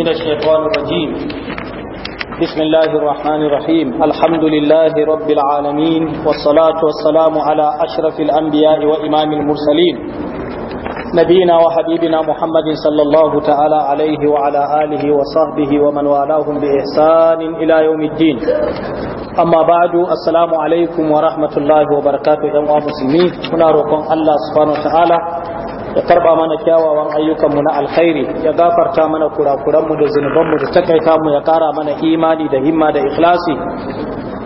من الشيطان الرجيم بسم الله الرحمن الرحيم الحمد لله رب العالمين والصلاة والسلام على أشرف الأنبياء وإمام المرسلين نبينا وحبيبنا محمد صلى الله تعالى عليه وعلى آله وصحبه ومن والاهم بإحسان إلى يوم الدين أما بعد السلام عليكم ورحمة الله وبركاته يا مسلمين هنا musulmi muna roƙon ya karba mana kyawawan ayyukanmu na alkhairi ya gafarta mana kurakuranmu da zunubanmu da takaita mu ya kara mana imani da himma da ikhlasi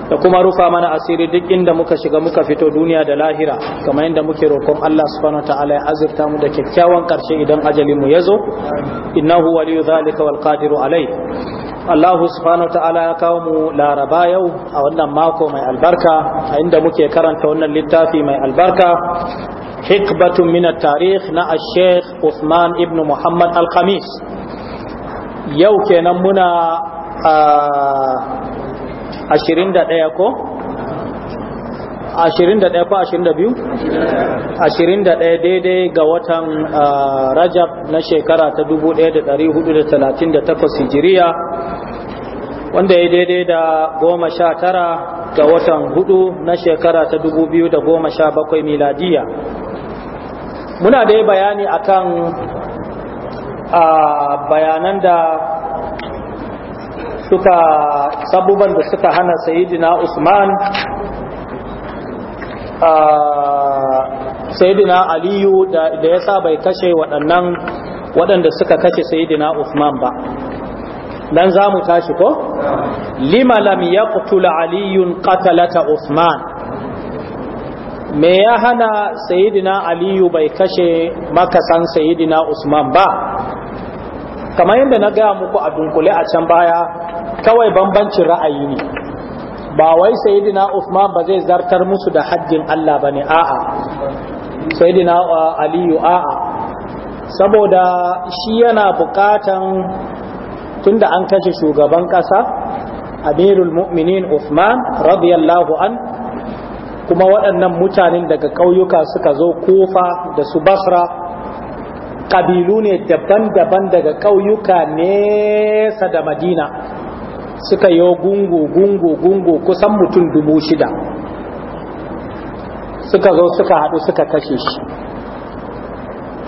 da kuma rufa mana asiri duk inda muka shiga muka fito duniya da lahira kamar yadda muke roƙon Allah subhanahu ta'ala ya azurta mu da kyakkyawan karshe idan ajalin mu yazo innahu waliyu zalika wal qadiru alai Allah subhanahu ta'ala ya kawo mu laraba yau a wannan mako mai albarka a inda muke karanta wannan littafi mai albarka hikbatun min tarikh na al Usman Ibnu Muhammad al yau kenan muna ashirin da ɗaya ko? ashirin da ɗaya ko ashirin da biyu? ashirin da ɗaya daidai ga watan rajab na shekara ta dubu ɗaya da ɗari hudu da talatin da takwas hijiriya wanda ya daidai da goma sha tara ga watan huɗu na shekara ta dubu biyu da goma sha bakwai miladiya muna da bayani akan a bayanan da suka sabuban da suka hana sayidina usman a sayidina aliyu da ya sa bai kashe waɗannan waɗanda suka kashe sayidina usman ba dan za mu tashi ko Limalam lam yaqtul aliyun qatalata usman me ya hana sayidina aliyu bai kashe makasan sayidina usman ba kamar yadda na gaya muku a dunkule a can baya kawai bambancin ra'ayi ne ba wai sayidina usman ba zai zartar musu da hajjin allah ba ne a'a sayidina uh, aliyu a'a saboda shi yana bukatan tunda an kashe shugaban kasa amirul mu'minin usman radiyallahu an kuma waɗannan mutanen daga ƙauyuka suka zo kofa da su basra ƙabilu ne daban-daban daga ƙauyuka nesa da madina suka yi gungu gungu gungu kusan mutum dubu shida suka zo suka haɗu suka kashe shi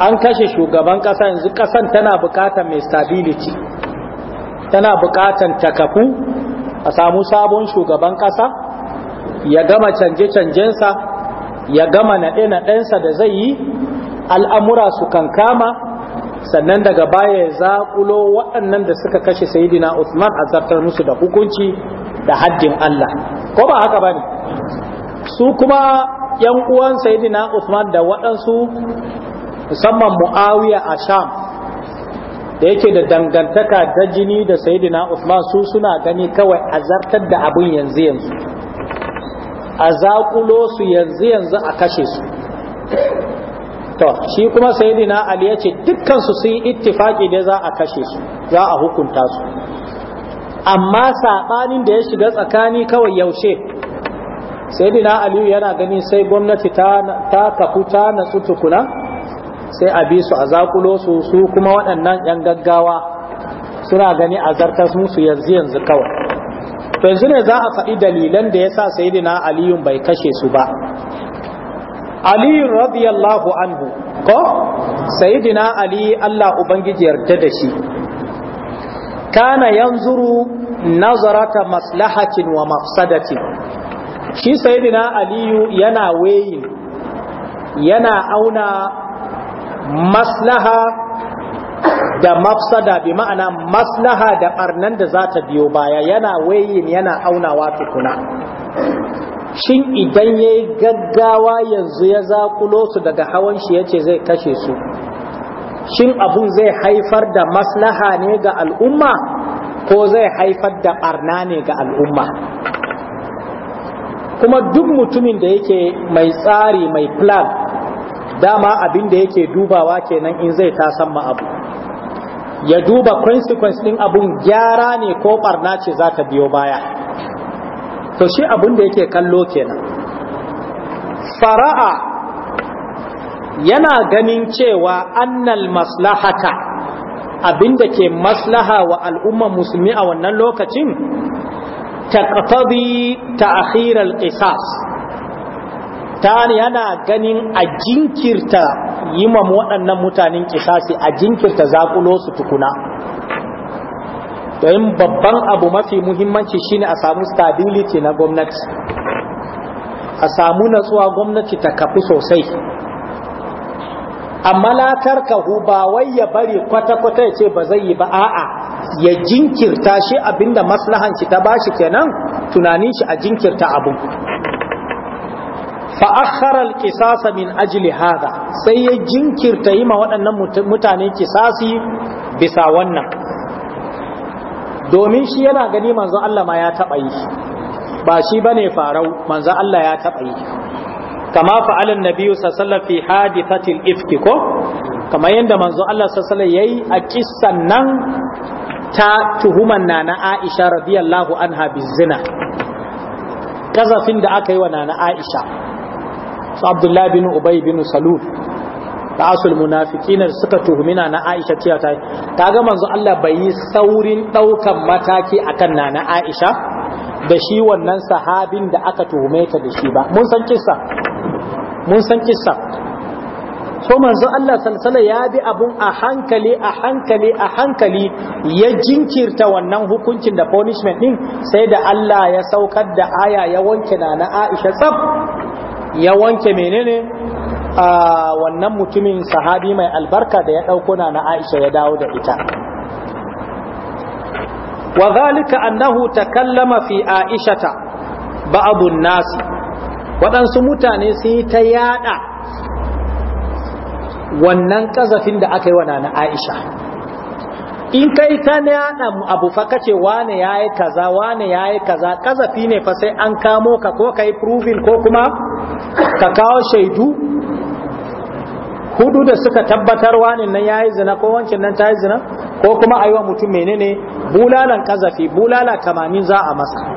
an kashe shugaban ƙasa yanzu ƙasan tana buƙatar mai stability tana buƙatar takafu a samu sabon shugaban ƙasa ya gama canje-canjensa ya gama naɗe-naɗensa da zai yi al'amura su kan kama sannan daga baya ya zaƙulo waɗannan da suka kashe sayidina Usman a zartar musu da hukunci da haddin Allah ko ba haka ba ne su kuma ‘yan uwan sayidina Usman da waɗansu musamman mu'awiya a sham da yake da dangantaka da jini da sayidina Usman su suna gani kawai a zartar da abin yanzu yanzu a zaƙulo su yanzu yanzu a kashe su to shi kuma sayyidina ali yace ce dukkan su sun ittifaki da za a kashe su za a hukunta su amma saɓanin da ya shiga tsakani kawai yaushe sayyidina ali yana gani sai gwamnati ta kafu ta natsu tukuna sai a bi su a zaƙulo su su kuma waɗannan 'yan gaggawa suna gani a zartar musu yanzu yanzu kawai to yanzu ne za a faɗi dalilan da ya sa sayidina aliyun bai kashe su ba aliyun radiyallahu anhu ko sayidina ali allah ubangiji yarda da shi kana yanzuru nazarata maslahatin wa mafsadatin shi sayidina aliyu yana weyin yana auna maslaha da mafsada bi ma'ana maslaha da barnan da za ta biyo baya yana wayin yana aunawa tukuna shin idan ya yi gaggawa yanzu ya zakulo su daga hawan shi yace zai kashe su shin abun zai haifar da maslaha ne ga al'umma ko zai haifar da barna ne ga al'umma kuma duk mutumin da yake mai tsari mai plan dama abin da yake dubawa kenan in zai tasan ma abu ya duba consequence din abun gyara ne ko ɓarna ce za ta biyo baya to shi abun da yake kallo kenan fara'a yana ganin cewa annal maslahata abinda ke maslaha wa al'umma musulmi a wannan lokacin taqtadi ta'khir al-qisas ta yana ganin a jinkirta yi ma waɗannan mutanen kisasi a jinkirta zakulo su tukuna don babban abu mafi muhimmanci shine a samu stability na gwamnati a samu natsuwa gwamnati ta kafi sosai amma latar kahu ba wai ya bari kwata-kwata ya ce ba zai yi ba a'a ya jinkirta shi abinda maslahanci ta bashi kenan tunanin shi a jinkirta abu fa akhara min ajili hada sai ya jinkirta yi ma waɗannan mutane kisasi bisa wannan domin shi yana gani manzo Allah ma ya taɓa yi ba shi bane farau manzo Allah ya taɓa yi kama fa'alan nabiyyu sallallahu fi Fatil ifki ko kama yadda manzo Allah ya yayi a kisan nan ta tuhuman nana Aisha radiyallahu anha bizina kazafin da aka yi wa nana Aisha su abdullahi bin ubai bin salul da asul munafikinar suka tuhumina na aisha cewa ta ga manzo Allah bai yi saurin daukan mataki akan na na aisha da shi wannan sahabin da aka tuhume ta da shi ba mun san kissa mun san kissa so manzo Allah salsala ya bi abun a hankali a hankali a hankali ya jinkirta wannan hukuncin da punishment din sai da Allah ya saukar da aya ya wanke na na Aisha tsaf ya wanke menene a wannan mutumin sahabi mai albarka da ya ɗauko na Aisha ya dawo da ita wa zalika annahu takallama fi aishata ba'dun nas waɗansu mutane sun yi ta yada wannan kazafin da aka yi wa na Aisha in kai ta yada abu fa kace wane yayi kaza wane yayi kaza kazafi ne fa sai an kamo ka ko kai proving ko kuma ka kawo shaidu hudu da suka tabbatar wane nan yayi zina ko wancin nan tayi zina ko kuma aiwa mutum menene bulalan kazafi bulala tamanin za a masa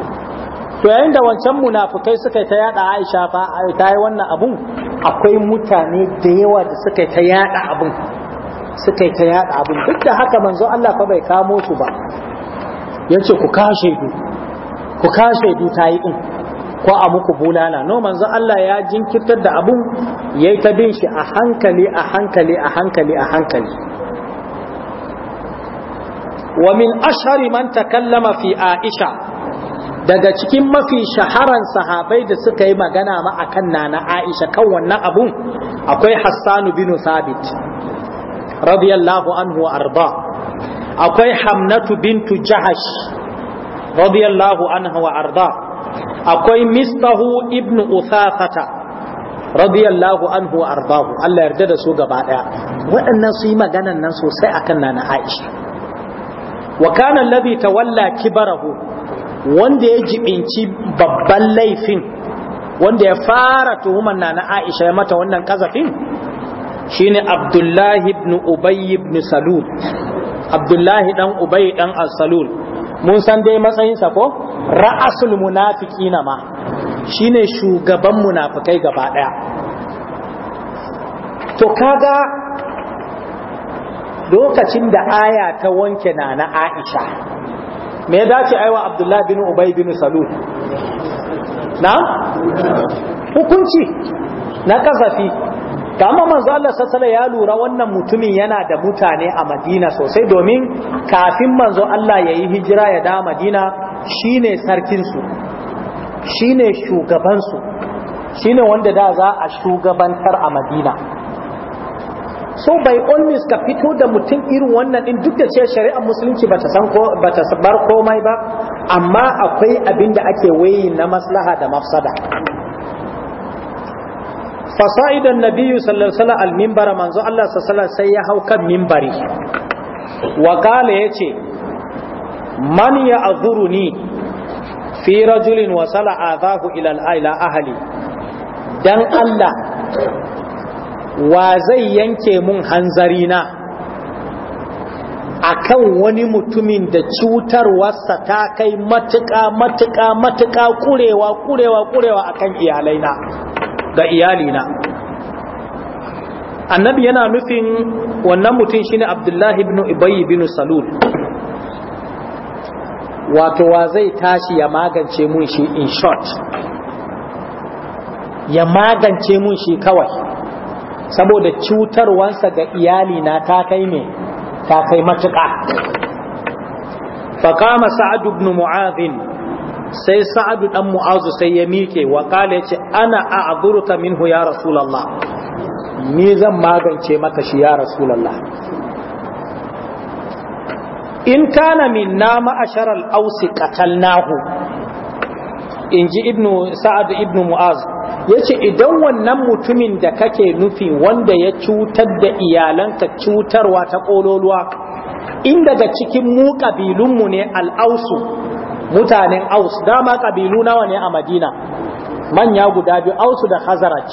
to yayin da wancan munafukai suka ta yada Aisha fa ta wannan abun akwai mutane da yawa da suka ta yada abun suka yi ta yada abin duk da haka manzo Allah fa bai kamo su ba yace ku kashe du ku kashe du tayi din ko a muku bulala no manzo Allah ya jinkirtar da abun yayi ta bin shi a hankali a hankali a hankali a hankali wa min ashari man takallama fi aisha daga cikin mafi shaharan sahabai da suka yi magana ma akan nana aisha kan wannan abun akwai hassanu bin sabit radiyallahu anhu Arba akwai hamnatu bintu jahash radiyallahu anhu arda akwai mistahu ibnu uthafata radiyallahu anhu ardahu Allah yarda da su gaba daya waɗannan su yi maganan nan sosai akan nana Aisha wa kana alladhi tawalla kibarahu wanda ya jibinci babban laifin wanda ya fara tuhumar nana Aisha ya mata wannan kazafin shine abdullahi ibn ubay ibn salul abdullahi dan ubay dan as-salul mun san dai matsayinsa ko ra'asul munafiqina ma shine shugaban munafikai gaba daya to kaga lokacin da aya ta wanke na na Aisha me ya dace aiwa abdullahi bin ubay bin salul na hukunci na kasafi da amma manzo Allah sassala ya lura wannan mutumin yana da mutane a Madina sosai domin kafin manzo Allah ya yi hijira ya da Madina shine sarkinsu shine shugabansu shine wanda da za a shugabantar a Madina so by all ka fito da mutum irin wannan din duk da ce shari'ar musulunci bata san bar komai ba amma akwai abinda ake wayi na maslaha da mafsada fasa'idan nabiyyu sallallahu alaihi wasallam al-minbara manzo Allah sallallahu alaihi sai ya hau kan minbari wa qala yace man ya azuruni fi rajulin wa sala azahu ila al-aila ahli dan Allah wa zai yanke mun hanzari na akan wani mutumin da cutarwarsa ta kai matuƙa matuƙa matuƙa kurewa kurewa kurewa akan iyalaina ga iyalina annabi yana nufin wannan mutum shine abdullahi ibn ubay ibn salul wato wa zai tashi ya magance mun shi in short ya magance mun shi kawai saboda cutarwansa ga iyalina ta kai ne ta kai matuƙa faƙama sa'ad ibn mu'adh sai sa'adu ɗan mu'azu sai ya mike wa kala ce ana a'dhuruka minhu ya rasulallah ni zan magance maka shi ya rasulallah in kana minna al’ausi al-ausi in ji sa’adu ibn ibnu mu'az ce idan wannan mutumin da kake nufi wanda ya cutar da iyalanta cutarwa ta ƙololuwa, in daga cikin mu kabilunmu ne al'ausu mutanen aus dama kabilu nawa ne a madina manya guda biyu ausu da khazaraj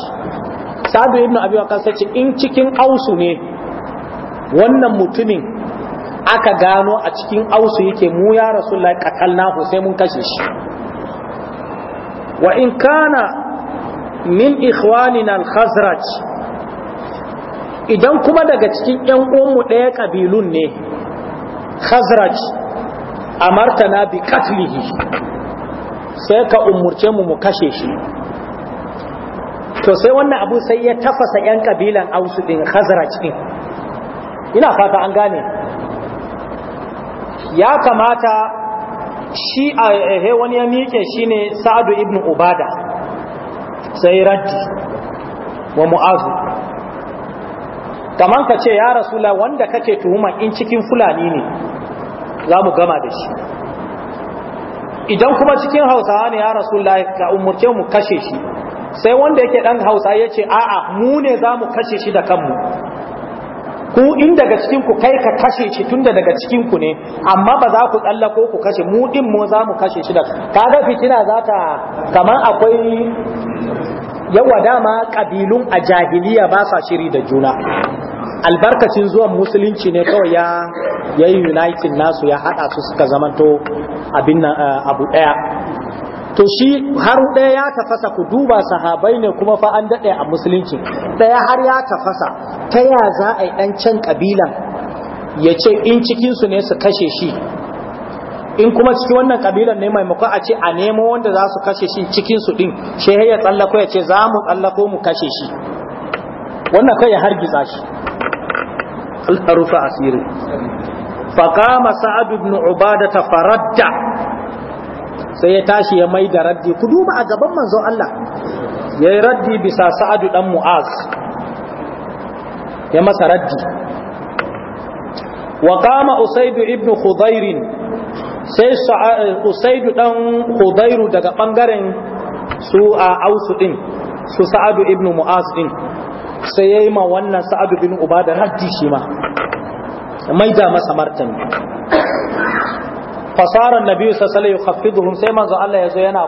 sadu ibnu abi waqas sace in cikin ausu ne wannan mutumin aka gano a cikin ausu yake mu ya rasulullah ku sai mun kashe shi wa in kana min ikhwanina al-khazraj idan kuma daga cikin yan uwanmu ɗaya kabilun ne khazraj amartana bi katlihi sai ka umurce mu mu kashe shi to sai wannan abu sai ya tafasa yan kabilan ausu din khazraj din ina fata an gane ya kamata shi a eh, wani ya miƙe shine sa'adu ibnu ubada sai raddi wa mu'azu kaman ka ce ya rasula wanda kake tuhuma in cikin fulani ne za mu gama da shi idan kuma cikin hausawa ne ya rasu lai ka umarce mu kashe shi sai wanda yake dan hausa ya ce a'a mu ne za mu kashe shi da kanmu ku in daga cikinku kai ka kashe shi tunda daga cikinku ne amma ba za ku tsallako ku kashe mu din mu za mu kashe shi da kaga fitina za ta kamar akwai yawa dama kabilun a jahiliya ba sa shiri da juna albarkacin zuwan musulunci ne kawai ya ya yi united nasu ya haɗa su suka zamanto abin eh, abu ɗaya to shi har ɗaya ya tafasa ku duba sahabai ne kuma fa an daɗe a musulunci ɗaya har ya tafasa ta ya za a yi ɗan can ƙabilan ya ce in cikinsu ne su kashe shi in kuma ciki wannan kabilan ne muka a ce a nemo wanda za su kashe shi cikin su din she ya tsallako ya ce za mu tsallako mu kashe shi wannan kai ya hargitsa shi Allah rufa asiri faqama sa'ad ibn ubada faradda sai ya tashi ya mai da raddi ku duba a gaban manzon Allah yayi raddi bisa sa'ad dan mu'az ya masa raddi وقام أسيد ابن خضير sai eh, usaidu dan hudairu daga bangaren su a ausu din su sa'adu ibnu mu'az din sai yayi ma wannan sa'adu bin ubada raddi shi ma mai da masa martani fasara annabi sallallahu alaihi wasallam sai manzo Allah ya yana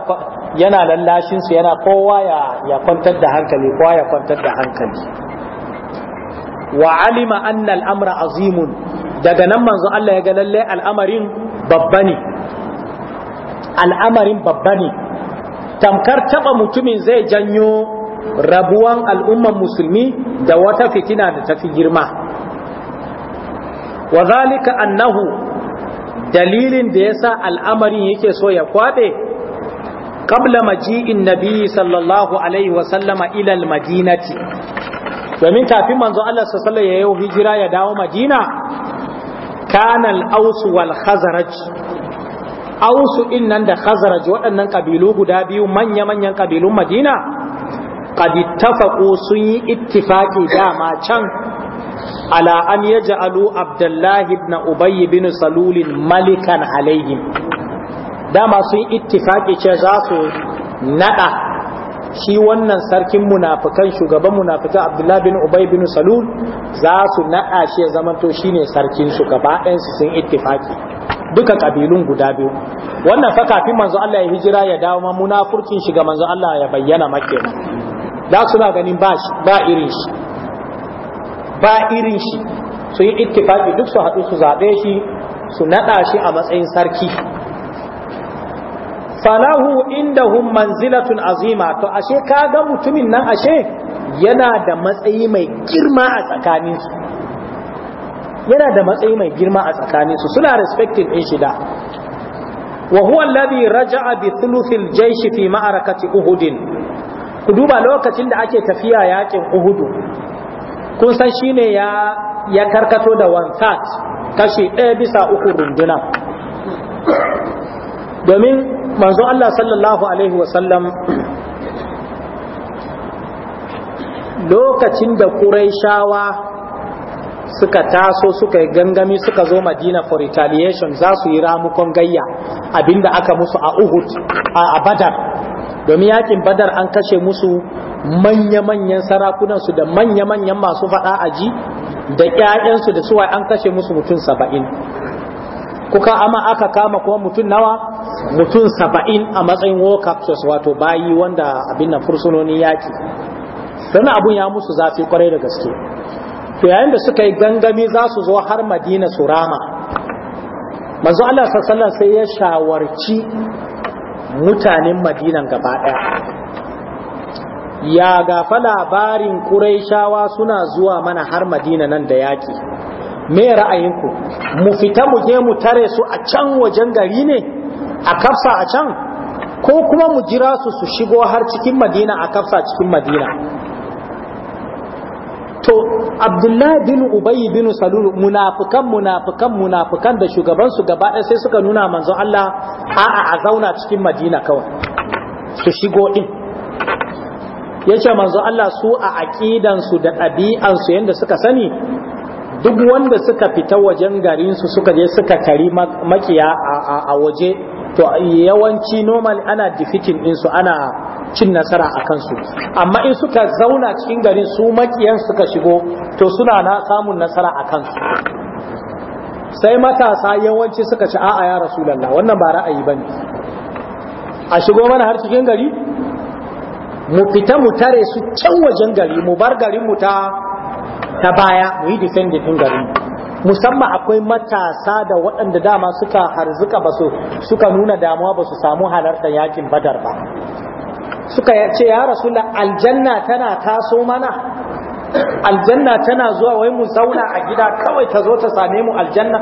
yana lallashin su yana kowa ya ya kwantar da hankali kowa ya kwantar da hankali wa alima anna al-amra azimun daga nan manzo Allah ya ga lalle al'amarin babba ne al'amarin babba ne tamkar taba mutumin zai janyo rabuwan al'umman musulmi da wata fitina da tafi girma wa zalika annahu dalilin da yasa al'amarin yake so ya kwaɗe? ƙabla maji'in nabiyyi sallallahu alaihi wa sallama madinati domin kafin manzo Allah sallallahu alaihi ya yi hijira ya dawo Madina kanal ausu wal khazaraj ausu din nan da khazaraj waɗannan kabilu guda biyu manya-manyan kabilun madina qad sun yi ittifaƙi dama can ala an yaj'alu abdullahi na Ubayyu bin salulin malikan alaihim dama sun ittifaqi ce za su naɗa. shi wannan sarkin munafikan shugaban munafikan abdullahi bin ubay bin salul za su naɗa shi ya zamanto shine sarkin su gaba ɗayansu sun ittifaki duka kabilun guda biyu wannan fa kafin manzo Allah ya hijira ya dawo ma munafurkin shiga manzo Allah ya bayyana makke da suna ganin ba shi ba irin shi ba irin shi su yi ittifaki duk su haɗu su zaɓe shi su naɗa shi a matsayin sarki falahu indahum manzilatun azima to ashe ka ga mutumin nan ashe yana da matsayi mai girma a tsakaninsu yana da matsayi mai girma a tsakaninsu suna respecting din shida wa huwa alladhi raja'a bi thuluthil jaysh fi ma'arakati uhud ku duba lokacin da ake tafiya yakin uhud kun san shine ya ya karkato da one third kashi 1 bisa uku runduna domin manzo Allah sallallahu alaihi wasallam lokacin da Qurayshawa suka taso suka yi gangami suka zo Madina for retaliation za su yi ramukon gayya abinda aka musu a Uhud a Badar domin yakin Badar an kashe musu manya-manyan sarakunansu da manya-manyan masu faɗa aji da 'ya'yansu da suwa an kashe musu mutum saba'in kuka ama aka kama kuma mutum nawa mutum saba'in a matsayin war captors wato bayi wanda abin nan fursunonin yaki sannan abun ya musu zafi kwarai da gaske to yayin da suka yi gangami za su zo har madina su rama manzo Allah sallallahu sai ya shawarci mutanen madinan gaba daya ya gafa labarin ƙuraishawa suna zuwa mana har madina nan da yaki me ra'ayinku mu fita mu je mu tare su a can wajen gari ne a kafsa a can ko kuma mu jira su su shigo har cikin madina a kafsa cikin madina to abdullahi bin ubayi bin salul munafikan munafikan munafikan da shugaban su gaba ɗaya sai suka nuna manzon Allah a'a a zauna cikin madina kawai su shigo din yace manzo Allah su a aqidan su da ɗabi'an su yanda suka sani duk wanda suka fita wajen garinsu suka je suka kari makiya a waje to yawanci normal ana defeating su ana cin nasara a kansu amma in suka zauna cikin garin su makiyan suka shigo to suna na samun nasara a kansu sai matasa yawanci suka ci a'a ya rasulallah wannan ba ra'ayi bane a shigo mana har cikin gari mu fita mu tare su can wajen gari mu bar garin mu ta ta baya mu yi defending din garin musamman akwai matasa da waɗanda dama suka harzuka ba su suka nuna damuwa ba su samu halarta yakin badar ba suka ce ya rasulullah aljanna tana taso mana aljanna tana zuwa wai mu zauna a gida kawai ta zo ta same mu aljanna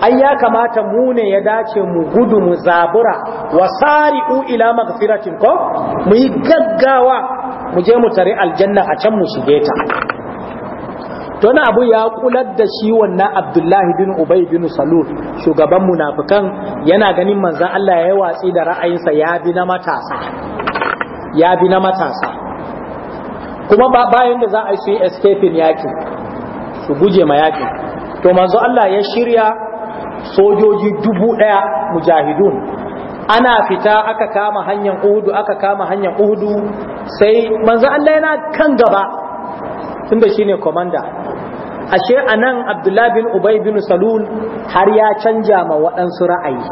ai ya kamata mu ne ya dace mu gudu mu zabura wa sari'u ila magfiratin ko mu yi gaggawa mu je mu tare aljanna a can mu shige ta to abu ya kular da shi wannan abdullahi bin ubay bin salul shugaban munafikan yana ganin manzan Allah ya yi watsi da ra'ayinsa ya bi na matasa ya bi na matasa kuma ba bayan da za a yi escaping yakin su guje ma yakin to manzo Allah ya shirya sojoji dubu ɗaya mujahidun ana fita aka kama hanyar uhudu aka kama hanyar uhudu sai manzo Allah yana kan gaba tunda shine commander ashe anan abdullah bin ubay bin salul har ya canja ma waɗansu ra'ayi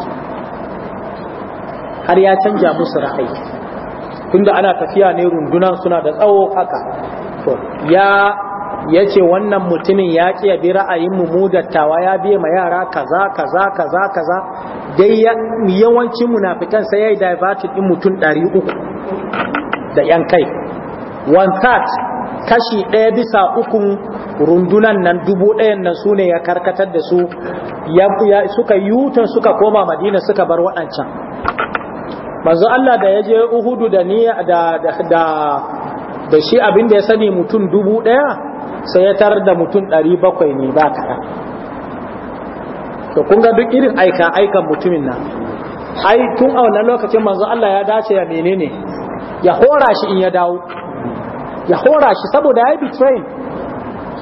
har ya canja musu ra'ayi tunda ana tafiya ne rundunan suna da tsawo haka to ya ya ce wannan mutumin ya kiya ya bi ra'ayin mu mu dattawa ya biye ma yara kaza kaza kaza kaza dai yawancin munafikan sai ya yi diverted din mutum 300 da yan kai one third kashi ɗaya bisa ukun rundunan nan dubu ɗayan nan su ne ya karkatar da su suka yuta suka koma madina suka bar waɗancan manzo Allah da ya je uhudu da ni da shi abin da ya sani mutum dubu ɗaya sai ya tarar da mutum ɗari bakwai ne ba kaɗan to kun ga duk irin aika aikan mutumin nan ai tun a wannan lokacin manzo Allah ya dace ya menene ya hora shi in ya dawo ya hora shi saboda ya yi betrayin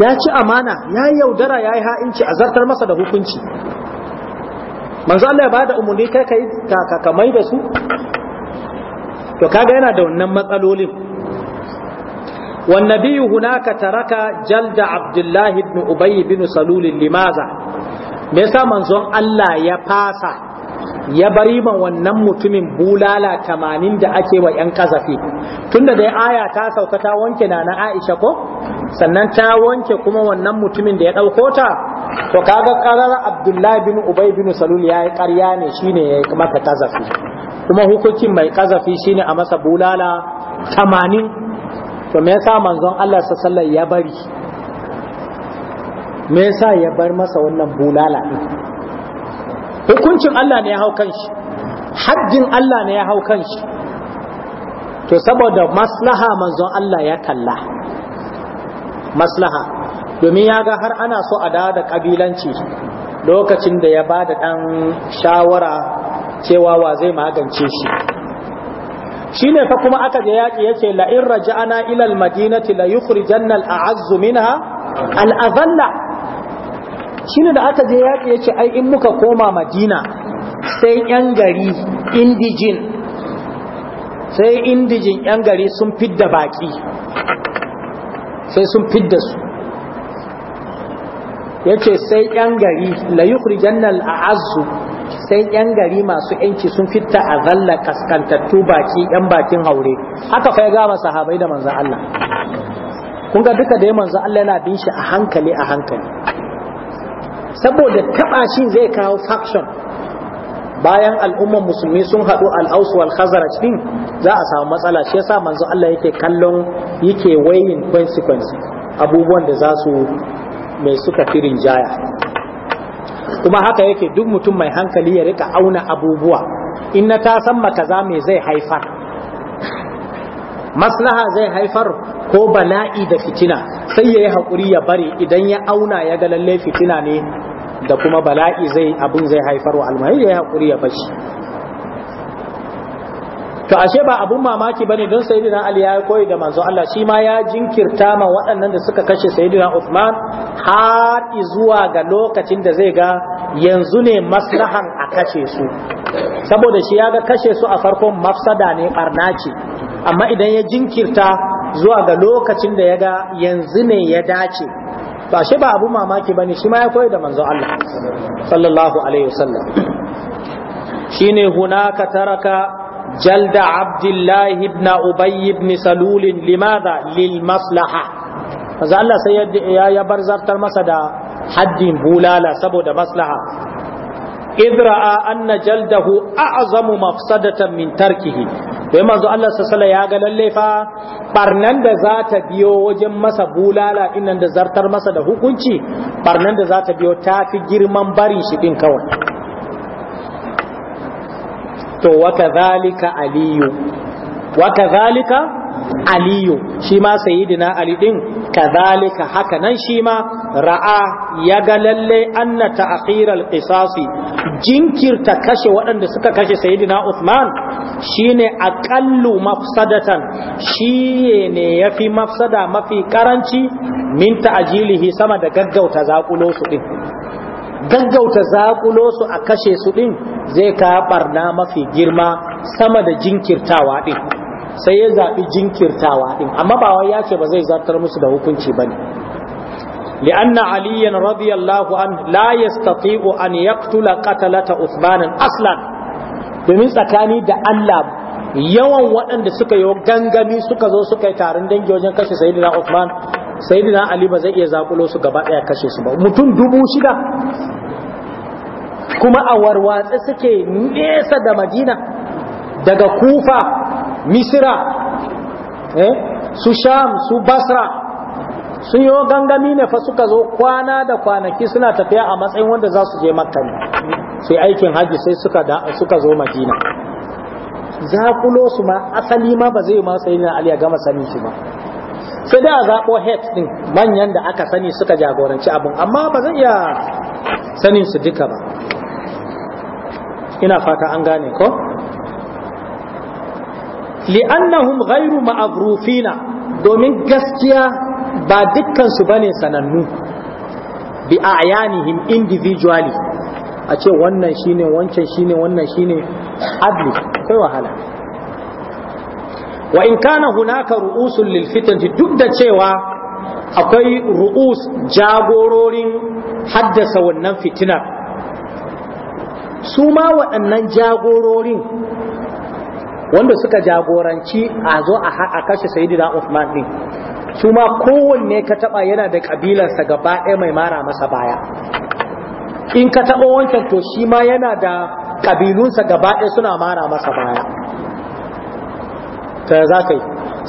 ya ci amana ya yi yaudara ya yi ha'inci a zartar masa da hukunci manzo Allah ya ba da umarni kai kai kakamai da su to kaga yana da wannan matsalolin والنبي هناك ترك taraka عبد الله بن أبي بن سلول Limaza, me yasa manzon Allah ya fasa ya bari ma wannan mutumin bulala tamanin da ake wa 'yan kazafi tunda dai aya ta sauka ta wanke na na aisha ko sannan ta wanke kuma wannan mutumin da ya ɗauko ta to kaga ƙarar abdullahi bin ubai bin salul ya yi ƙarya ne shine ya yi maka kazafi kuma hukuncin mai kazafi shine a masa bulala tamanin to me yasa manzon Allah sallallahu ya bari me yasa ya bar masa wannan bulala din hukuncin Allah ne ya hau kanshi haddin Allah ne ya hau kanshi to saboda maslaha manzon Allah ya kalla maslaha domin ya ga har ana so a dawo da kabilanci lokacin da ya ba da ɗan shawara cewa wa zai magance shi shi ne fa kuma aka je yaƙi ya ce la'in raja'ana ilal madinati la yukhrijanna al'azzu minha al'azalla shine da aka je yaƙi ya ce ai in muka koma madina sai yan gari indijin sai indijin yan gari sun fidda baki sai sun fidda su ya ce sai yan gari layukuri jannal a azu sai yan gari masu yanci sun fitta a zalla kaskantattu baki yan bakin haure haka fa ya gama sahabai da manzan Allah kun ga duka da ya manzan Allah yana bin shi a hankali a hankali saboda taɓa shi zai kawo faction bayan al'ummar musulmi sun haɗu al'ausu wal khazaraj din za a samu matsala shi yasa manzo Allah yake kallon yake weighing consequence abubuwan da za su mai suka firin jaya kuma haka yake duk mutum mai hankali ya rika auna abubuwa in na ta san kaza me zai haifar maslaha zai haifar ko bala'i da fitina sai ya yi haƙuri ya bari idan ya auna ya ga lallai fitina ne da kuma bala'i zai abin zai haifar wa almahi ya haƙuri ya fashi to ashe ba abun mamaki bane don sayyidina ali ya koyi da manzo Allah shi ma ya jinkirta ma waɗannan da suka kashe sayyidina Uthman har zuwa ga lokacin da zai ga yanzu ne maslahan a kashe su saboda shi ya ga kashe su a farkon mafsada ne barna ce amma idan ya jinkirta zuwa ga lokacin da ya ga yanzu ne ya dace ba shi ba abu mamaki ba ne shi ma ya koyar da manzo Allah sallallahu alaihi wasallam shi ne hunaka taraka jalda abdullahi ibn ubay ibn salul limadha lil maslaha manzo Allah sai ya ya zartar masa da haddin bulala saboda maslaha idra anna jaldahu a'zamu mafsadatan min tarkihi to yi manzo Allah sassala ya ga lalle fa barnan da za ta biyo wajen masa bulala inan da zartar masa da hukunci barnan da za ta biyo ta fi girman barin shi din kawai to wata zalika aliyu wata zalika aliyu shi ma sayyidina ali din kadhalika haka nan shi ma ra'a ya ga lalle anna ta'khiral qisasi jinkirta kashe waɗanda suka kashe sayyidina Uthman shine aqallu mafsadatan shi ne yafi mafsada mafi karanci min ta'jilihi sama da gaggauta zakulo su din gaggauta zakulo su a kashe su din zai ka barna mafi girma sama da jinkirtawa din sai ya zaɓi jinkirtawa ɗin amma ba wani ya ce ba zai zartar musu da hukunci ba ne li'anna aliyan radiyallahu an la yastati'u an yaqtula qatalata usmanin aslan domin tsakani da Allah yawan waɗanda suka yi gangami suka zo suka yi taron dangi wajen kashe sayyidina Uthman sayyidina Ali ba zai iya zakulo su gaba ɗaya kashe su ba mutum dubu shida kuma a warwatse suke nesa da Madina daga Kufa misira eh, su sham su basra sun yi gangami ne fa suka zo kwana da kwanaki suna tafiya a matsayin wanda za su je makka ne sai aikin hajji sai suka zo madina zakulo su ma asali ma ba zai ma sai na Aliya gama sani shi ba sai da zaɓo head din manyan da aka sani suka jagoranci abin amma ba zai iya sanin su duka ba ina fata an gane ko li'annahum ghairu ma'agrufina domin gaskiya ba dukkan su bane sanannu bi ayanihim individually a ce wannan shine wancan shine wannan shine adli kai wahala wa in kana hunaka ru'usul lil fitnati duk da cewa akwai ru'us jagororin haddasa wannan fitinar su ma waɗannan jagororin wanda suka jagoranci a zo a kashe sayidina Uthman din su ma kowanne ka taba yana da kabilarsa gaba ɗaya mai mara masa baya in ka taba wancan to shi ma yana da kabilunsa gaba ɗaya suna mara masa baya ta za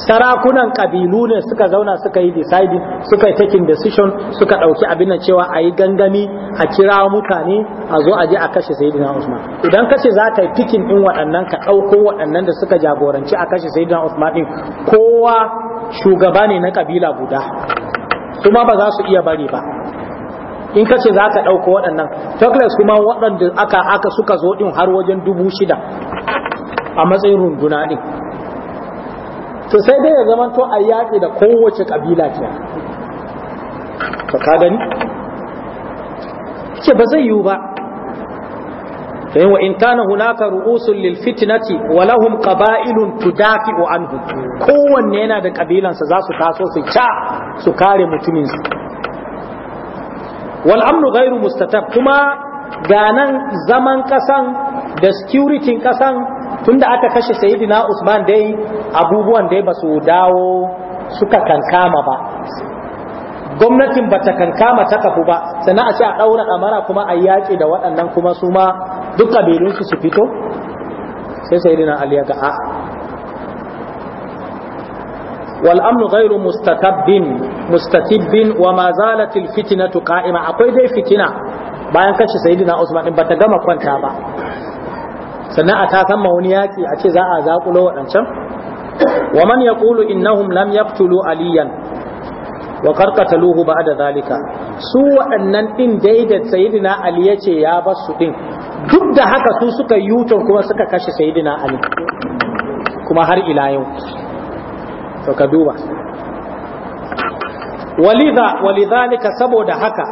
sarakunan kabilu ne suka zauna suka yi deciding suka yi taking decision suka ɗauki abin nan cewa a gangami a kira mutane a zo a je a kashe sayyidina usman idan kace za ta yi picking din waɗannan ka ɗauko waɗannan da suka jagoranci a kashe sayyidina usman din kowa shugaba ne na kabila guda kuma ba za su iya bari ba in kace za ka ɗauko waɗannan toklas kuma waɗanda aka aka suka zo din har wajen dubu shida a matsayin runduna din to sai dai ya zama to a yaƙi da kowace ƙabila ke ba ka gani ce ba zai yiwu ba in wa in kana hunaka ru'usul lil fitnati wa lahum wa an anhu kowanne yana da ƙabilansa za su taso su ca su kare mutumin su wal amnu mustatab kuma ganan zaman kasan da security kasan tunda aka kashe sayidina usman dai abubuwan dai ba su dawo suka kankama ba gwamnatin ba ta kankama ta kafu ba sannan a ce a ɗaura kamara kuma a yaƙi da waɗannan kuma su ma duk ƙabilunsu su fito sai sayidina ali ya ga a والأمن غير مستتب wa fitina زالت الفتنة قائمة akwai dai fitina, bayan kashe sayyidina Usman din ta gama kwanta ba sannan a ta samma wani yaƙi a ce za a zaƙulo waɗancan wa man yaqulu innahum lam yaqtulu aliyan wa qarqataluhu da zalika su waɗannan ɗin dai da sayyidina ali ce ya bar su ɗin. duk da haka su suka yuton kuma suka kashe sayidina ali kuma har ila yau to ka duba walidha walidhalika saboda haka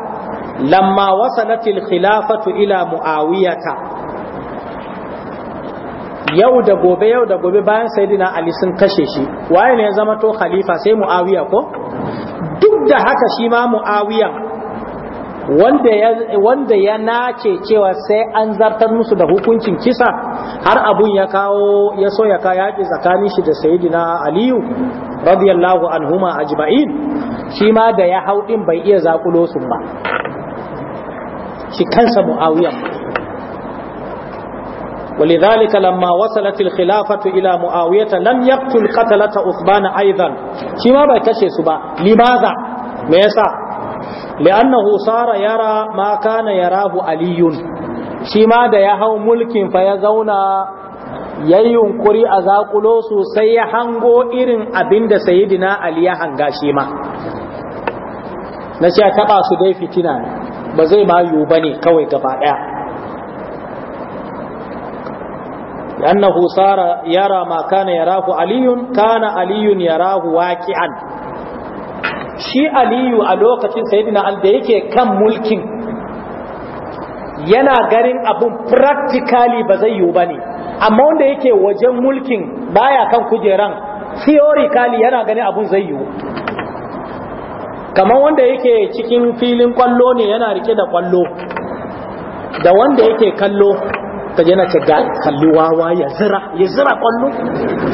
lamma wasalatil khilafatu ila muawiyata yau da gobe yau da gobe bayan sayyidina ali sun kashe shi waye ne ya zama to khalifa sai muawiya ko duk da haka shi ma muawiya wanda ya wanda ya nace cewa sai an zartar musu da hukuncin kisa har abun ya kawo ya so ya kawo yaƙi tsakanin shi da sayyidina aliyu radiyallahu anhuma ajma'in shi ma da ya hau bai iya zakulo su ba shi kansa muawiya ولذلك لما وصلت الخلافة إلى معاوية لم يقتل قتلة عثمان أيضا شما بكشي سبا لماذا ميسا لأنه صار يرى ما كان يراه علي شما دا يهو ملك فيزونا yayi yunƙuri a zakulo sosai ya hango irin abin da sayidina Ali ya hanga shi ma na sha taɓa taba su dai fitina ba zai ma yiwu bane kawai gaba daya لأنه صار يرى ما كان يراه علي كان علي يراه واقعا shi aliyu a lokacin sayidina ali da yake kan mulkin yana garin abun practically ba zai yiwu ba ne amma wanda yake wajen mulkin baya kan kujeran theoretically yana ganin abun zai yiwu kamar wanda yake cikin filin kwallo ne yana rike da kwallo da wanda yake kallo ka yana ce ga kalli wawa ya zira ya zira kwallo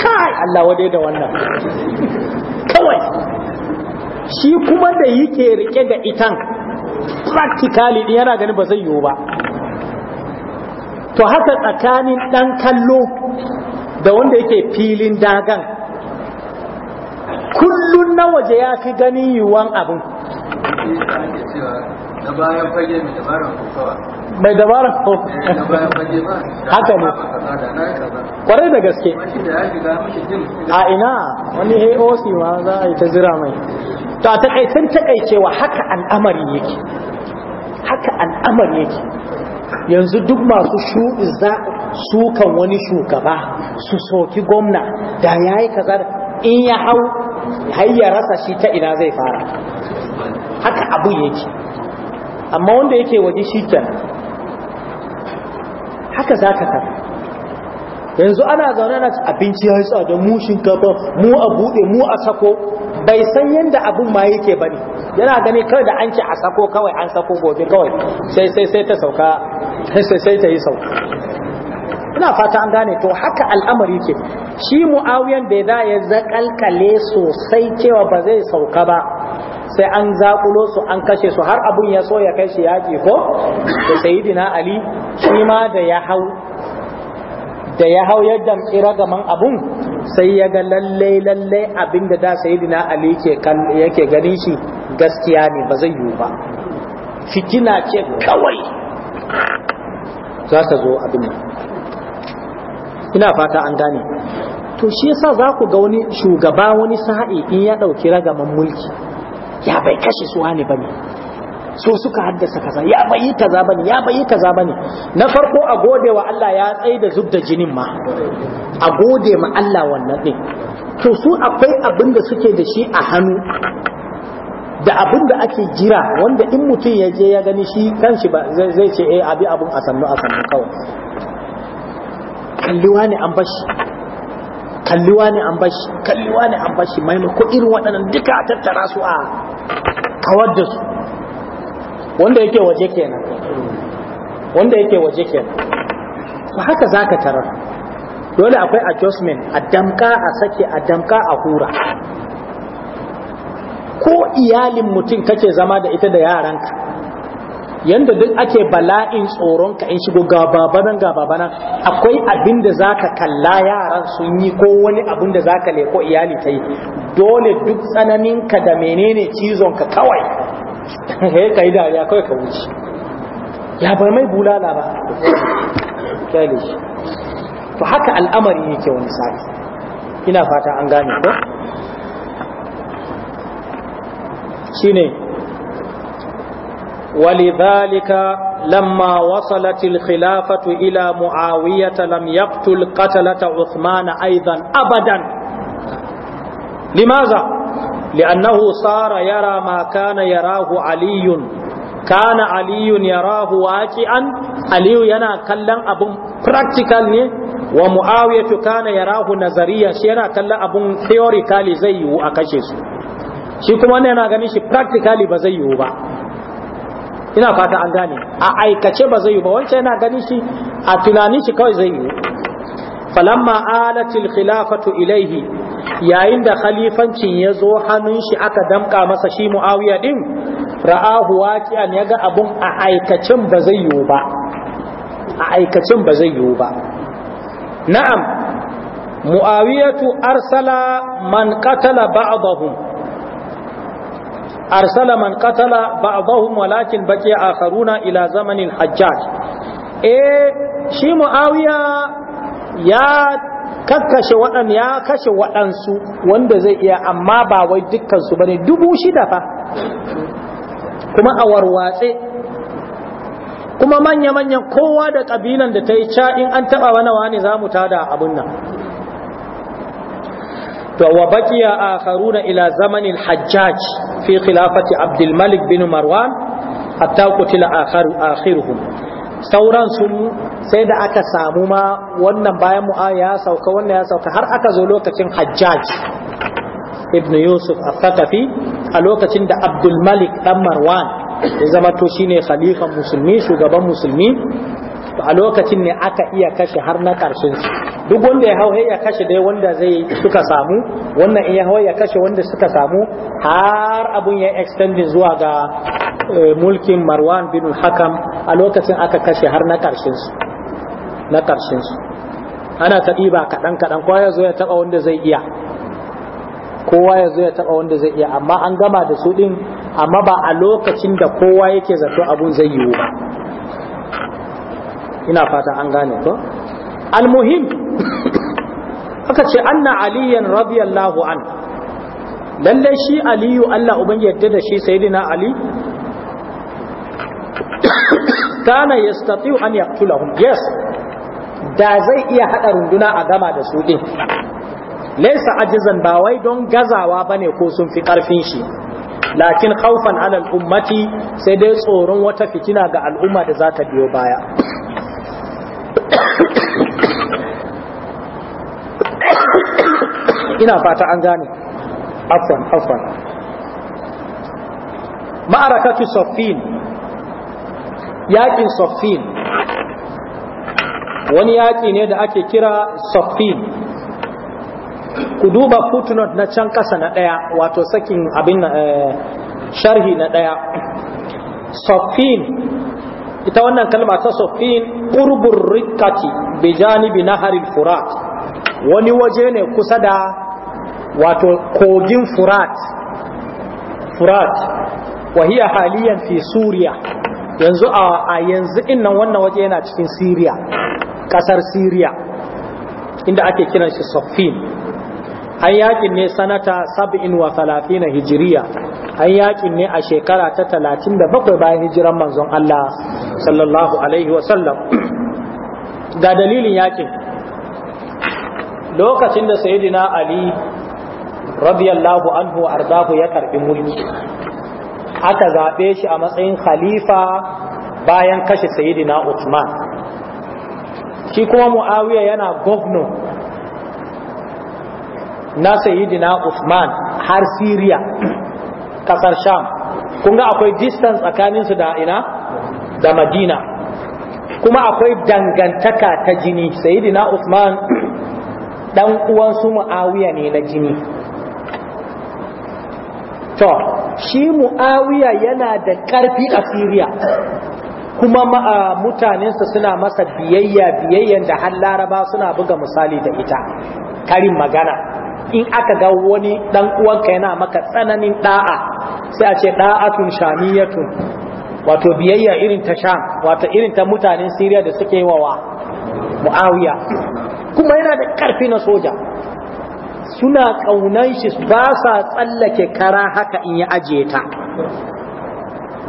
kai Allah wadai da wannan kawai shi kuma da yake rike da itan practically din yana ganin ba zai yiwu ba to haka tsakanin dan kallo da wanda yake filin dagan kullun na waje ya fi ganin yiwuwan abin mai dabara ko haka ne kwarai da gaske a ina wani aoc ma za a yi ta zira mai ta takaicen takaicewa haka al'amari yake haka al'amari yake yanzu duk masu shuza sukan wani shugaba su soki gwamna da ya yi kazar in ya hau har rasa shi ta ina zai fara haka abu yake amma wanda yake waje shi kenan haka za ka kasa yanzu ana zaune na abinci ya yi da mu shinkafa mu a buɗe mu a sako bai san yadda abin ma yake bane yana gani kar da an ce a sako kawai an sako gobe kawai sai sai sai ta sauka sai sai ta yi sauka ina fata an gane to haka al'amari ke shi mu'awiyan bai da ya zakalkale sosai cewa ba zai sauka ba sai an zakulo su an kashe su har abun ya so ya kai shi yaƙi ko da sayidina ali shi ma da ya hau da ya hau ya damƙi ragaman abun sai ya ga lalle lalle abin da da sayidina ali yake ganin shi gaskiya ne ba zai yiwu ba fitina ce kawai za ta zo abin nan ina fata an gane to shi yasa za ku ga wani shugaba wani sa'i in ya ɗauki ragaman mulki ya bai kashe su wani bane so suka haddasa kaza ya bai yi kaza bane ya bai yi kaza bane na farko a gode wa Allah ya tsai da zub da jinin ma a gode ma Allah wannan din to su akwai abin da suke da shi a hannu da abin da ake jira wanda in mutum ya je ya gani shi kanshi ba zai ce eh abi abun a sannu a sannu kawai kalliwa ne an bashi kalliwa ne an bashi kalliwa ne an bashi maimako irin waɗannan duka a tattara su a kawar da su wanda yake waje kenan wanda yake waje kenan ba haka zaka tarar dole akwai adjustment a damka a sake a damka a hura ko iyalin mutum kake zama da ita da yaranka yanda duk ake bala'in tsoron ka in shigo ga babanan ga akwai abin da zaka kalla yaran sun yi ko wani abin da zaka leko iyali ta yi dole duk tsananin ka da menene cizon ka kawai ka yi dariya kawai ka wuce ya bai mai bulala ba kyale shi to haka al'amari yake wani sa'i ina fata an gane ba shine ولذلك لما وصلت الخلافة إلى معاوية لم يقتل قتلة عثمان أيضا أبدا لماذا؟ لأنه صار يرى ما كان يراه علي كان علي يراه واقعا علي ينا كلن أبو براكتيكال ومعاوية كان يراه نظريا شينا كلن أبو ثيوريكالي زيه أكشيسو shi kuma wannan yana ganin shi practically ba zai yiwu ba ina fata an gane a aikace ba zai yi ba wancan yana ganin shi a tunanin shi kawai zai yi falamma alatil khilafatu ilaihi yayin da khalifancin ya zo hannun shi aka damka masa shi muawiya din ra'ahu waqi'an yaga abun a aikacin ba zai yi ba a aikacin ba zai yi ba na'am muawiyatu arsala man qatala ba'dahum arsala man qatala ba'dahum walakin baqiya akharuna ila zamanil hajjaj eh shi muawiya ya kakkashe wadan ya kashe waɗansu wanda zai iya amma ba wai dukkan su bane dubu shida fa kuma a warwatse kuma manya-manyan kowa da ƙabilan da ta yi ca in an taɓa wani wani za mu tada abun nan to wa baqiya akharuna ila zamanil hajjaj fi khilafati abdul malik bin marwan hatta qutila akharu akhiruhum sauran sun sai da aka samu ma wannan bayan mu'a ya sauka wannan ya sauka har aka zo lokacin hajjaj ibn yusuf al-thaqafi a lokacin da abdul malik dan marwan ya zama to shine khalifan musulmi shugaban musulmi to a lokacin ne aka iya kashe har na ƙarshen su duk wanda ya hau ya kashe dai wanda zai suka samu wannan in ya hau ya kashe wanda suka samu har abun ya extending zuwa ga eh, mulkin Marwan bin Hakam a lokacin aka kashe har na ƙarshen su na ƙarshen su ana ta kaɗan kaɗan kowa ya zo ya taɓa wanda zai iya kowa ya zo ya taɓa wanda zai iya amma an gama da su ɗin amma ba a lokacin da kowa yake zato abun zai yiwu ba ina fata an gane ko almuhim aka ce anna aliyan radiyallahu an Lallai shi aliyu Allah uban yadda da shi sayyidina ali kana yastati an yaqtulahum yes da zai iya hada runduna a gama da su din laysa ajizan ba wai don gazawa bane ko sun fi karfin shi lakin khawfan ala ummati sai dai tsoron wata fitina ga al'umma da za ta biyo baya ina fata an gane afwan afwan ma'arakatu saffin yaƙin saffin wani yaƙi ne da ake kira saffin ku duba footnote na can kasa na ɗaya wato sakin abin eh, sharhi na ɗaya saffin ita wannan kalma ta saffin ƙurbin rikati bijanibi na haril furat wani waje ne kusa da wato kogin furat furat wahiya haliyan fi suriya yanzu a yanzu innan wannan waje yana cikin siriya kasar siriya inda ake kiran shi sofin an yakin ne sanata 37 hijiriya an yakin ne a shekara ta 37 bayan hijiran manzon Allah sallallahu alaihi wasallam ga dalilin yakin lokacin da sayidina ali radiyallahu anhu ardahu ya karbi mulki aka zaɓe shi a matsayin khalifa bayan kashe Sayyidina Uthman shi kuma Muawiya yana govno na Sayyidina Usman har Syria kasar Sham kun ga akwai distance tsakanin su da ina da Madina kuma akwai dangantaka ta jini Sayyidina Usman dan uwan su Muawiya ne na jini to shi mu'awiya yana da ƙarfi a siriya kuma mutanensa suna masa biyayya biyayyan da har laraba suna buga misali da ita karin magana in aka ga wani dan uwanka yana maka tsananin da'a sai a ce da'atun shamiyatun wato biyayya irin ta sham wato irin ta mutanen siriya da suke yi wa mu'awiya kuma yana da karfi na soja suna ƙaunan shi ba sa tsallake kara haka in ya ajiye ta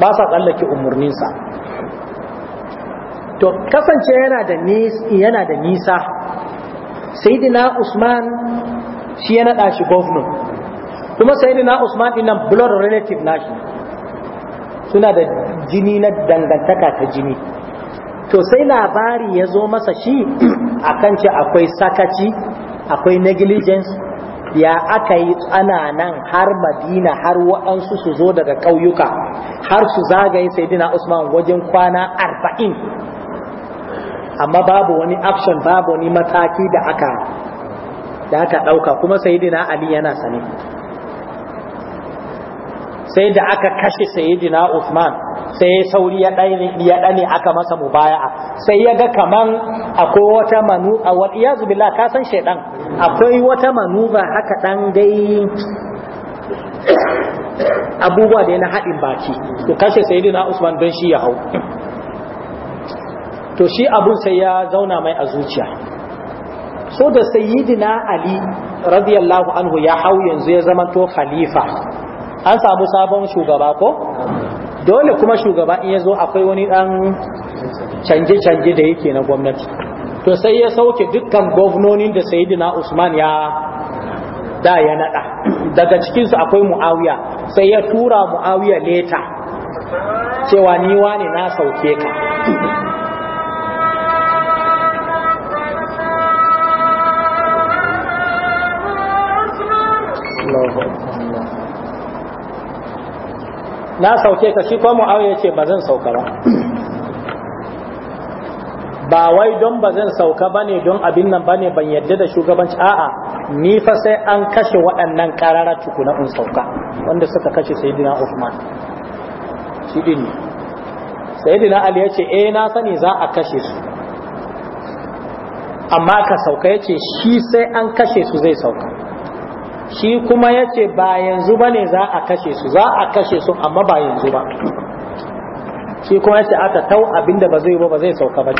ba sa tsallake umarninsa to kasance yana da nisa sayidina usman shi ya naɗa shi governor kuma sayidina usman ina blood relative nashi suna da jini na dangantaka ta jini to sai labari ya zo masa shi akan ce akwai sakaci akwai negligence ya aka yi tsana nan har madina har waɗansu su zo daga ƙauyuka har su zagaye saidina usman wajen kwana arba'in amma babu wani action babu wani mataki da aka da aka ɗauka kuma saidina ali yana sane sai da aka kashe sayyidina Usman sai sauri ya dane ya dane aka masa mubaya'a sai ya ga kaman akwai wata manu a wa iyazu billah ka san shedan akwai wata manuba haka dan dai abubuwa da na haɗin baki to kashe sayyidina Usman don shi ya hau to shi abun sai ya zauna mai a zuciya so da sayyidina Ali radiyallahu anhu ya hau yanzu ya zama to khalifa an samu sabon shugaba ko dole kuma shugaba in ya zo akwai wani dan canje-canje da yake na gwamnati to sai ya sauke dukkan gwamnonin da na usman ya da ya nada daga cikinsu akwai mu'awiya sai ya tura mu'awiya leta cewa ni wani na sauke ka na sauke ka shi ko mu'awiya ce ba zan sauka ba ba wai don ba zan sauka ba ne don abin nan ba ne ban yadda da shugabanci a'a ni fa sai an kashe waɗannan ƙarara tukuna in sauka wanda suka kashe sayidina Uthman shi din sayidina Ali ya ce eh na sani za a kashe su amma ka sauka ya ce shi sai an kashe su zai sauka shi kuma ya ce ba yanzu ba ne za a kashe su za a kashe su amma ba yanzu ba shi kuma ya ce aka tau abinda ba zai ba ba zai sauka ba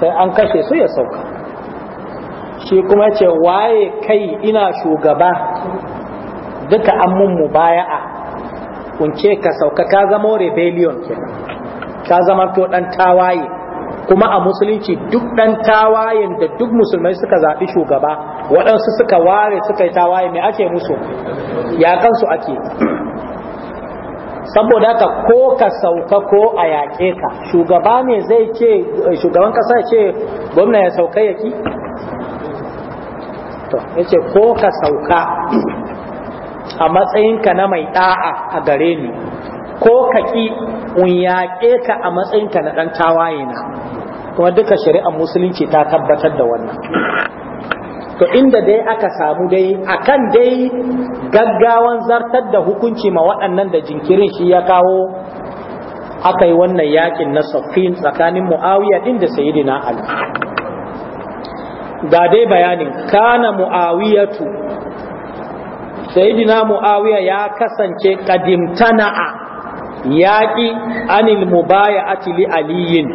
sai an kashe su ya sauka shi kuma ya ce waye kai ina shugaba duka an mun a kunce ka sauka ka zama rebellion ke. ka zama to dan tawaye kuma a musulunci duk dan tawayen da duk musulmai suka zaɓi shugaba waɗansu suka ware suka yi tawaye mai ake musu ya kansu ake saboda haka ko ka sauka ko a yaƙe ka shugaba ne zai ce shugaban ƙasa ya ce gwamna ya sauka ya ki to ya ce ko ka sauka a matsayinka na mai ɗa'a a gare ni ko ka ƙi un yaƙe ka a matsayinka na ɗan tawaye na kuma duka shari'ar musulunci ta tabbatar da wannan to inda dai aka samu dai akan dai gaggawan zartar da hukunci ma waɗannan da jinkirin shi ya kawo aka yi wannan yakin na saffin tsakanin mu'awiya din da sayidina ali ga dai bayanin kana mu'awiyatu sayidina mu'awiya ya kasance a yaƙi anil mubaya'ati li aliyin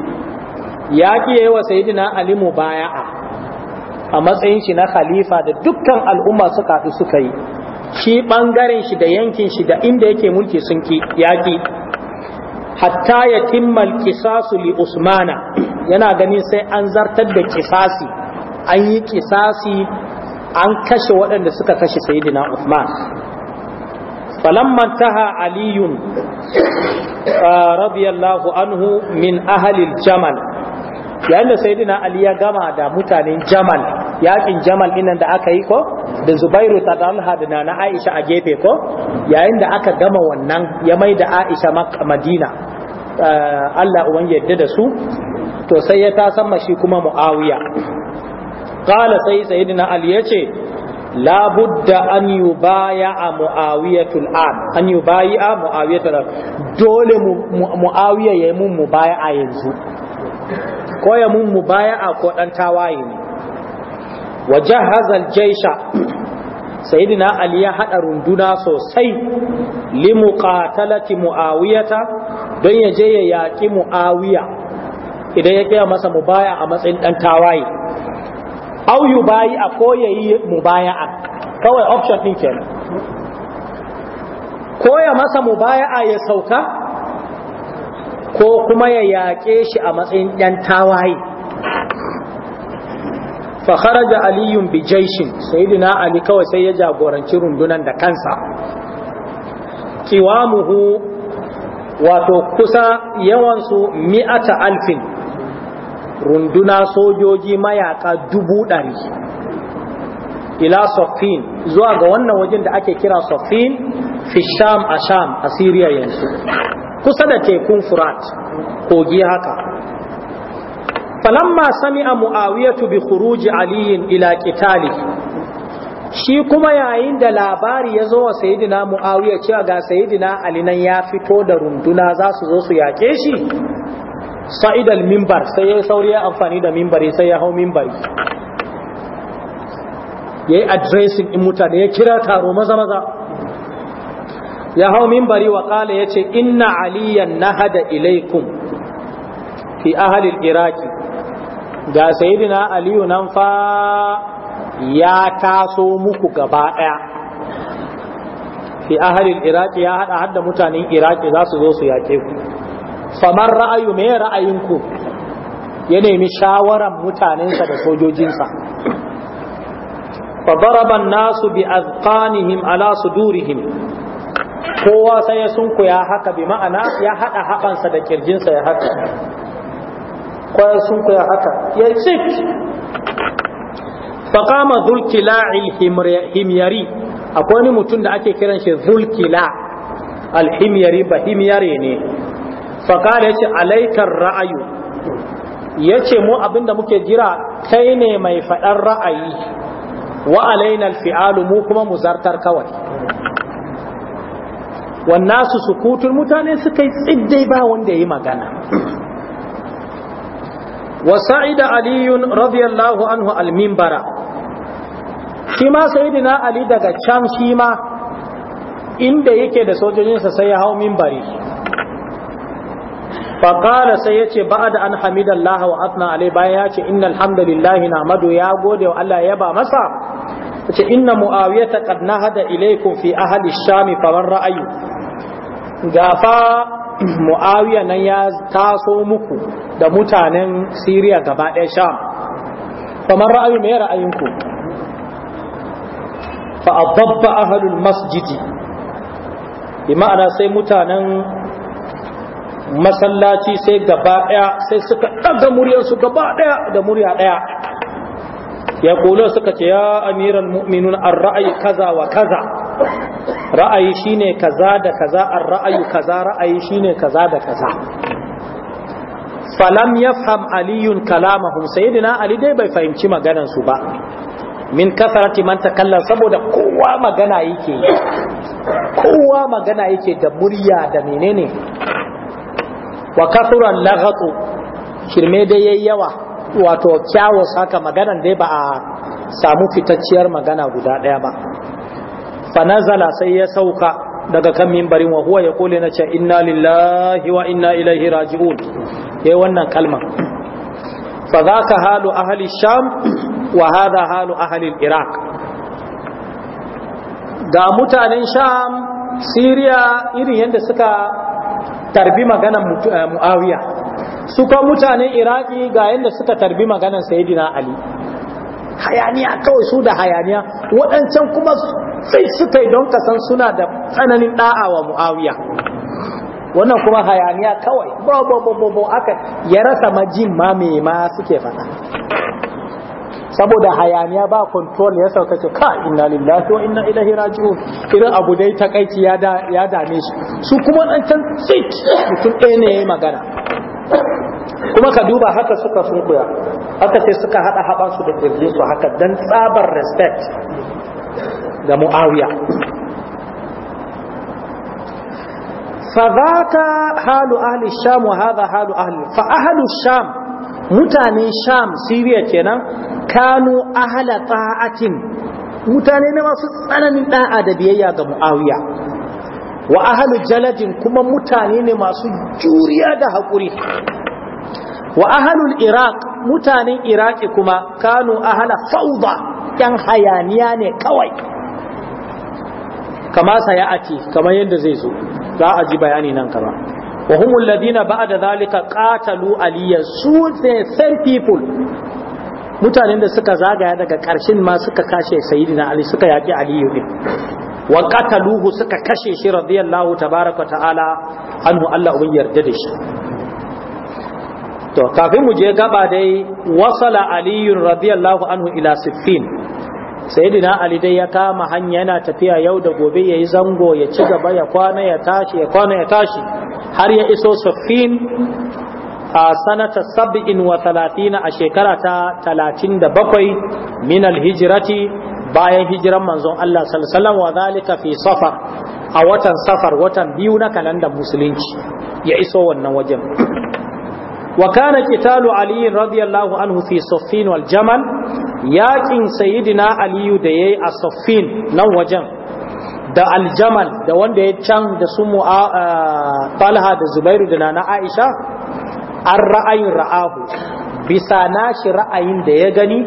yaƙi yayi wa sayidina ali mubaya'a a matsayin shi na khalifa da dukkan al'umma suka haɗu suka yi shi ɓangaren shi da yankin shi da inda yake mulki sun ki yaƙi hatta ya timmal kisasu li usmana yana ganin sai an zartar da kisasi an yi kisasi an kashe waɗanda suka kashe sayidina usman falamman taha aliyun ah, radiyallahu anhu min ahalil jamal yayin da sayidina ali ya gama da mutanen jamal yakin jamal inan da aka yi ko da zubairu ta hadana na aisha a gefe ko yayin da aka gama wannan ya mai da aisha madina eh, allah uwan yadda da su to sai ya tasamma shi kuma mu'awiya qala sai sayyidina ali yace la budda an yubaya'a mu'awiyatul an an yubayi'a mu'awiyatul dole mu'awiya ya mun a yanzu ko ya mun mubaya'a ko dan tawaye ne wa jahazal jaisha sayyidina ali ya hada runduna sosai li muqatalati muawiyata don ya je ya yaki muawiya idan ya kiya masa mubaya a matsayin dan tawaye au yubayi a ko yayi mubaya'a kawai option din kenan ko ya masa a ya sauka ko kuma ya yaƙe shi a matsayin ɗan tawaye fa kharaja aliyun bi jaishin sayyidina ali kawai sai ya jagoranci rundunan da kansa kiwamuhu wato kusa su mi'ata alfin runduna sojoji mayaka dubu ɗari ila Soffin zuwa ga wannan wajen da ake kira Soffin fi sham a sham a siriya yanzu kusa da tekun furat kogi haka falamma sami'a mu'awiyatu bi khuruji aliyin ila qitali shi kuma yayin da labari ya zo wa sayidina mu'awiya cewa ga sayidina ali nan ya fito da runduna za su zo su yake shi sa'idal mimbar sai ya sauri ya amfani da mimbari sai ya hau mimbari ya yi addressing in mutane ya kira taro maza maza ya hau mimbari wa kala ya ce inna aliyan nahada ilaikum fi ahalil iraki ga sayidina aliyu nan fa ya taso muku gaba ɗaya fi ahalin iraki ya haɗa hadda mutanen iraki za su zo su yaƙe ku famar ra'ayu me ra'ayinku ya nemi shawaran mutanensa da sojojinsa fa nasu bi azqanihim ala sudurihim kowa sai ya sunkuya haka bi ma'ana ya haɗa haɓansa da kirjinsa ya haka kwaya sun kuya haka ya yi faƙama zulkila'il alhimiyari akwai wani mutum da ake kiran shi zulkila alhimiyari ba himyare ne faƙala ya ce alaikar ra'ayu ya ce mu abinda muke jira kai ne mai faɗar ra'ayi wa alainal fi'alu mu kuma mu zartar kawai wannan su sukutun mutane suka yi tsiddai ba wanda ya yi magana wa sa'ida aliyun radiyallahu anhu al-minbara shi ma sayyidina ali daga can shi ma inda yake da sojojinsa sai ya hau minbari faƙara sai yace ce da an hamidallah wa alai bayan ya ce inna alhamdulillahi na madu ya gode wa Allah ya ba masa ce inna mu'awiya ta kad nahada ilaikum fi ahli shami faman ra'ayu gafa mu'awiya nan ya taso muku da mutanen siriya gaba ɗaya sham kamar ra'ayi mai ra'ayinku fa ababba ahalul masjidi bi ma'ana sai mutanen masallaci sai gaba ɗaya sai suka ɗaga muryarsu gaba ɗaya da murya ɗaya ya suka ce ya amiran mu'minun an ra'ayi kaza wa kaza ra'ayi shine kaza da kaza ar ra'ayu kaza ra'ayi shine kaza da kaza falam yafham aliyun kalamahum sayyidina ali dai bai fahimci maganar su ba min kafarati man takalla saboda kowa magana yake kowa magana yake da murya da menene wa kasuran laghatu shirme da yayi yawa wato kyawo saka maganan dai ba a samu fitacciyar magana guda daya ba fa nazala sai ya sauka daga kan mimbarin wa huwa kole na ce inna lillahi wa inna ilaihi raji'un yayi wannan kalma fa zaka halu ahli sham wa hadha halu ahli iraq ga mutanen sham siriya irin yadda suka tarbi maganan eh, muawiya suka mutanen iraki ga yadda suka tarbi magana sayidina ali hayaniya kawai su da hayaniya waɗancan kuma sai suka yi don kasan suna da tsananin da'a wa mu'awiya wannan kuma hayaniya kawai bo aka ya rasa majin ma me ma suke faɗa saboda hayaniya ba kontrol ya sauka ce ka inna lillahi wa Ina hira raji'un irin abu dai ta ya ya dame shi su kuma dan can mutum ɗaya ne yayi magana kuma ka duba haka suka sun kuya haka sai suka haɗa haɓansu da kirjin su haka don tsabar respect ga mu'awiya fadhaka halu ahli sham wa hadha halu ahli fa ahli sham mutane sham siriya kenan kanu ahla ta'atin mutane ne masu tsananin da'a da biyayya ga mu'awiya wa ahli jaladin kuma mutane ne masu juriya da haƙuri wa ahlul iraq mutanen iraki kuma kanu ahla fawda yan hayaniya ne kawai kama aci kamar yadda zai zo za a ji bayani nan kama wa humul ladina ba'da zalika qatalu aliya su the same people mutanen da suka zagaya daga karshen ma suka kashe sayyidina ali suka yaki aliyu din wa qataluhu suka kashe shi radiyallahu tabaraka ta'ala anhu Allah ubin yarda da shi to kafin mu je gaba dai wasala aliyun radiyallahu anhu ila siffin sayyidina ali dai ya kama hanya yana tafiya yau da gobe ya yi zango ya ci gaba ya kwana ya tashi ya kwana ya tashi har ya iso sufin a sanata sab'in wa talatina a shekara ta talatin da bakwai min alhijirati bayan hijiran manzon Allah sallallahu wa zalika fi safar a watan safar watan biyu na kalandar musulunci ya iso wannan wajen wa kana qitalu ali radiyallahu anhu fi saffin wal jamal yaƙin sayidina aliyu da ya yi a saffin nan wajen da aljamal da wanda ya can da su eh, talha da zubairu da nana aisha an ra'ayin ra'ahu bisa nashi ra'ayin da ya gani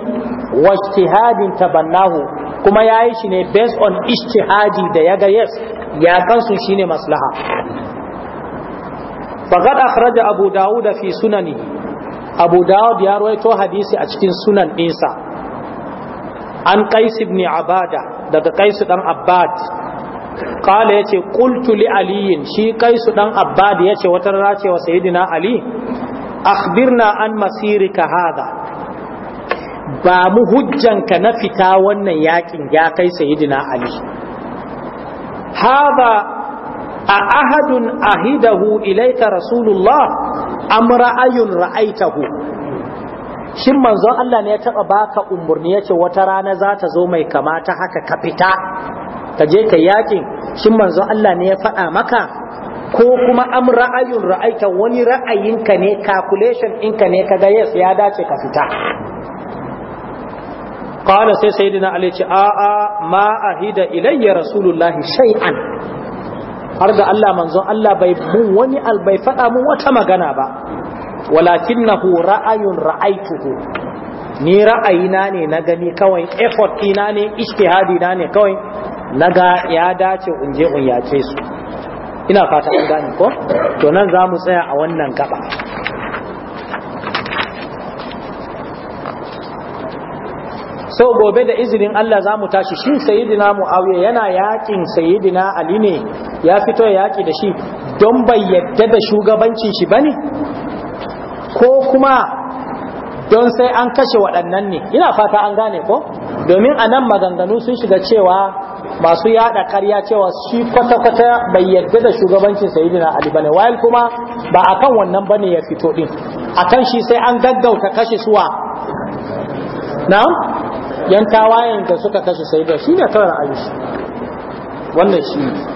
ta bannahu, kuma ya yi shi ne based on ishtihadi da ya ga yes ya kansu shi ne maslaha faqad akhraja abu dawud fi sunanihi abu dawud ya rawaito hadisi a cikin sunan ɗinsa an kaisi ibn abada daga kaisu dan abbad qala yace qultu li shi kaisu dan abbad yace wata rana ce wa sayyidina ali akhbirna an masirika hada ba mu hujjanka na fita wannan yakin ya kai sayyidina ali hada a ahadun ahidahu ilaika rasulullah am ra'ayun ra'aitahu shin manzon Allah ne ya taba baka umurni yace wata rana za ta zo mai kamata haka ka fita ka je ka yakin shin manzon Allah ne ya faɗa maka ko kuma am ra'ayun ra'aita wani ra'ayinka ne calculation ka ne kaga yes ya dace ka fita qala sai sayyidina ali ce a a ma ahida ilayya rasulullahi shay'an har da Allah manzon Allah bai mun wani al bai faɗa mun wata magana ba walakinnahu ra'ayun ra'aituhu ni ra'ayina ne na gani kawai effort ina ne ijtihadi na ne kawai naga ya dace in je in yace su ina fata an gane ko to nan za mu tsaya a wannan gaba sau gobe da izinin Allah za mu tashi shi sayidina mu'awiya yana yakin sayidina ali ne ya fito yaki da shi don bai yadda da shugabancin shi bane ko kuma don sai an kashe waɗannan ne ina fata an gane ko domin a nan maganganu sun shiga cewa masu yada karya cewa shi kwata-kwata bai yarda da shugabancin sayidina ali bane wayan kuma ba akan wannan bane ya fito din akan shi sai an gaggauta kashe suwa na'am yan tawayen da suka kashe sayidina shi ne kawai ra'ayi wannan shi ne